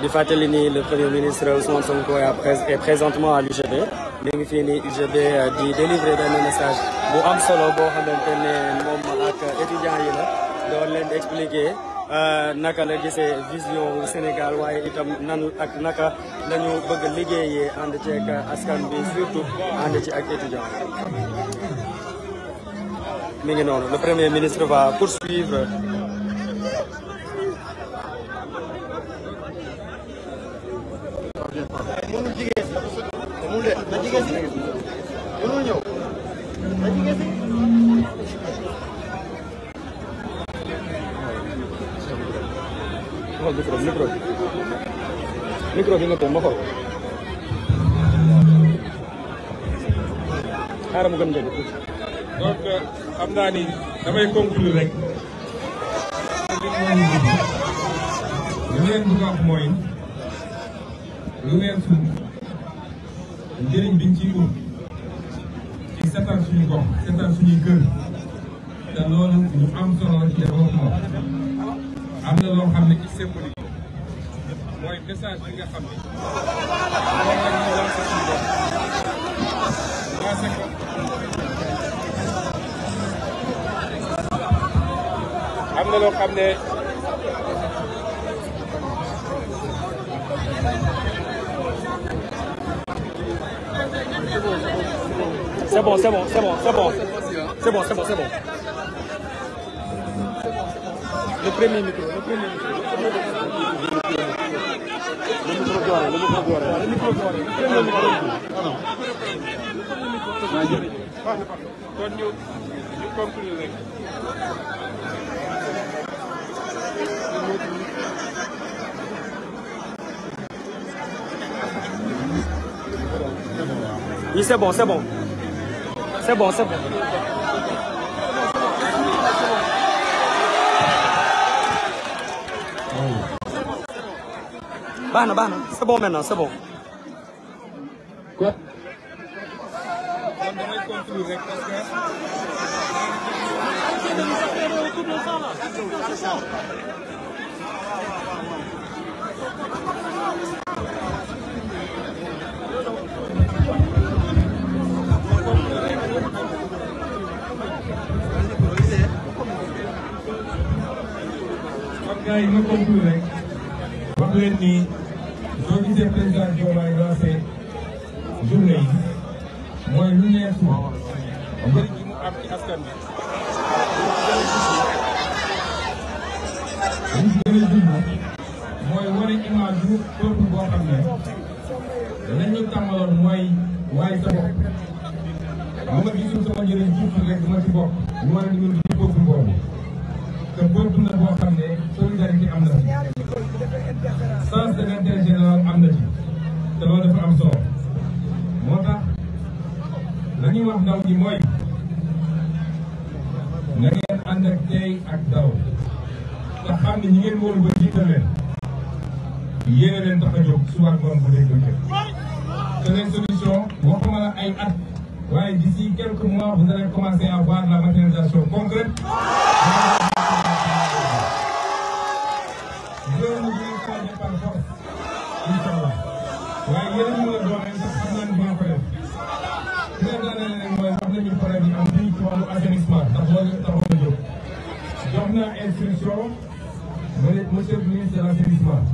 di fàttali ni le premier ministre Ousmane Sonko est présentement à l'UGB mi ngi fii ni UGB euh, di délivrer benn message bu am solo boo xamante ne moom ak étudiants yi la doon leen expliquer euh, naka la gisee vision Sénégal waaye itam nan ak naka la ñu bëgg liggéeyee ànd ceeg askan bi surtout ànd ci ak étudiants mi ngi noonu le premier ministre va poursuivre na jigéen si mënul ñëw na jigéen si micro bi micro bi nga ko ma xool xaaral mu gën a donc euh, xam naa ni damay rek li leen bëgg a wax mooy lu weesu njëriñ biñ ciy ci setal suñu gox setal suñuy kër te loolu ñu am solo la ci am na loo xam ne ci symbolique mooy message bi nga xam ne am na loo xam ne C'est bon, c'est bon, c'est bon, c'est bon. C'est bon, c'est bon, c'est bon. Le premier micro, le premier micro. Le micro doré, le micro doré. Le micro doré, le premier micro. Pardon. Kon ñu ñu conclure rek. Oui, c'est bon, c'est bon. C'est bon, c'est bon. baax na baax na c'est bon maintenant c'est bon. quoi. yi ma conclure rek wax leen ni soo gisee président Diomaye lancé journée yi mooy lu neex mooy wane image bu peuple boo xam ne lañu tàmbaloon mooy waaye sa bopp lu ma gisul sama njëriñ tuuti rek duma ci bokk lu ma ne di mën boobu te boobu na boo xam ne solidarité am na ci sens de l'intérêt am na ci te loolu am solo moo tax la ñuy wax ndaw ñi mooy na ngeen ànd ak tey ak daw te xam ne ñi ngeen wóolu ba jiital leen yéene leen tax a jóg suba ak ngoon bu dégg te les solutions waxuma la ay at waaye d'ici quelques mois vous allez commencer à voir la matérialisation concrète nañu problème yi am fii ci wàllu assainissement ndax loolu taxaw na jóg jox naa instruction ma ne monsieur le ministre de l' assainissement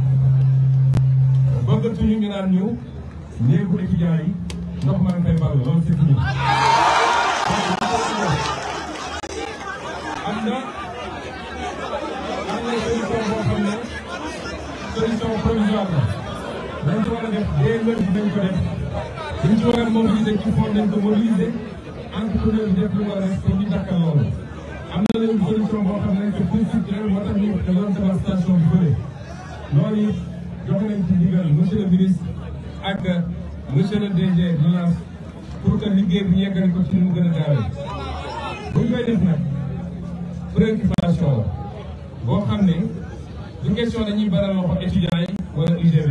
bëggatuñu ñu naan ñu néegu étudiants yi ndox maa ngi koy ball loolu c'est fini am na am na solution boo xam ne solution provisoire la dañ ci war a def dès lundi dañ ko def dañ ci war a mobiliser ci fond dañ ko mobiliser entrepreneur bi def lu war a def pour ñu jàkkal loolu am na leen solution boo xam ne c'est plus structurel moo tax ñu doon tabax station bi fële loolu it jox nañ ci ndigal monsieur le ministre ak monsieur le DG Naas pour que liggéey bi yeggali ko ci nu mu gën a gaawee bu ñu koy def nag préoccupation la boo xam ne du question dañuy baral loxo étudiants yi wala UGB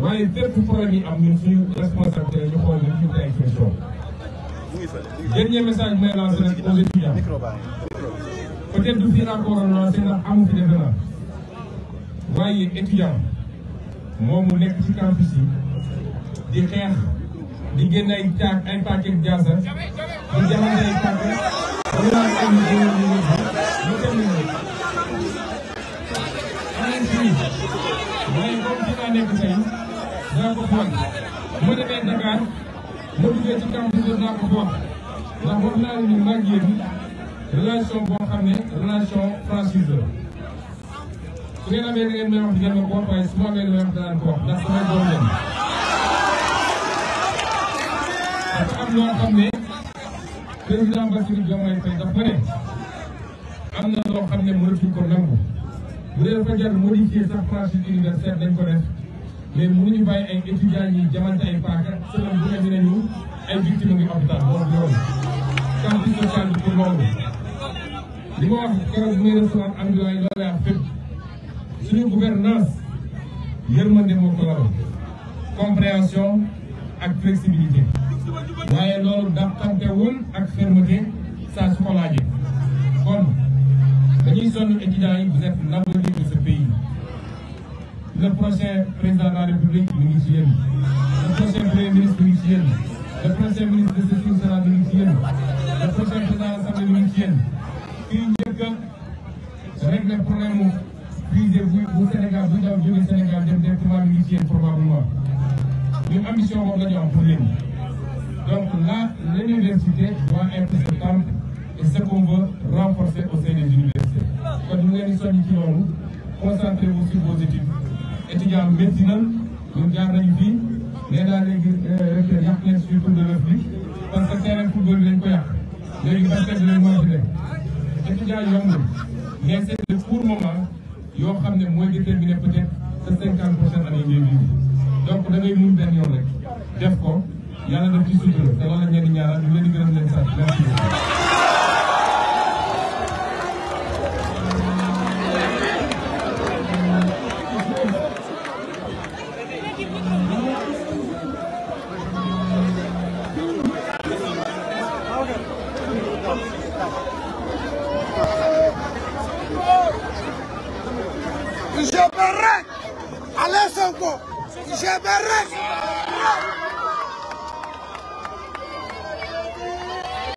waaye fépp problème yi am ñun suñu responsabilité ñu xool ñu ñu teg question dernier message may lancé nag aux étudiants peut-être du fii laa ko waroon lancé ndax fi defe naa waaye étudiant moom mu nekk ci campus yi di xeex di génn ay taak ay paquet jaasa di jaxase ay paquet ko fi wax ndax ne ni Maguette bi relation xam ne relation française la su ngeen amee da ngeen may wax di ngeen ma ko wax ko wax ndax samay doom leen dafa am loo xam ne président Bassirou Diomaye Faye daf ne am na ay étudiants yi jamante ay paaka semaine bu ne dinañu ay victime ngi hôpital loolu du yoon carte sociale bi pour li ma wax keroog bu may loolu lay wax suñu gouvernance yërmande moo ko waral ak flexibilité waaye loolu dàqante wul ak fermeté saa su ko dañuy sonn étudiants yi vous êtes l'avenir de ce pays le prochain président la république mu ngi ci yéen le prochain premier ministre mu ngi ci yéen yéen le prochain président de l'Assemblée mi ngi ci yéen kii njëkk a bu Sénégal bu daw jógee Sénégal dem directement mi ngi probablement ñun ambition boobu la ñu am pour léegi donc là l'université doit être ce temple et ce qu'on veut renforcer au sein des universités kon ngi leen di soññ ci loolu concentrez-vous sur vos études étudiants médecine ñun jaar nañu fii nee naa léegi recteur de l'œuf parce que terrain football bi dañ ko yàq léegi basket bi lañ mën ci def étudiants yombul mais c'est le court moment yoo xam ne mooy déterminer peut-être sa cinquante pour cent année ngay vivre donc da ngay mun benn yoon rek def ko yàlla def ci sutura te loolu la ñenn ñaanal Je berek! Allez, Sonko! Je berek!